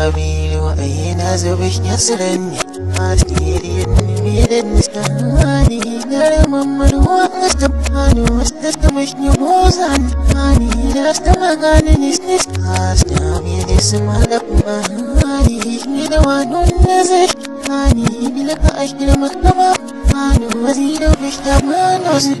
kamil wa ayna zubih yasran hadirin mirin sani dar mamman wa astabhanu astastamish nyuzan ani astamagan nisnis astami dismalak mahani nida wa nun nazih ani bilaka ashkila maktaba ani wazidu bishtaba nazih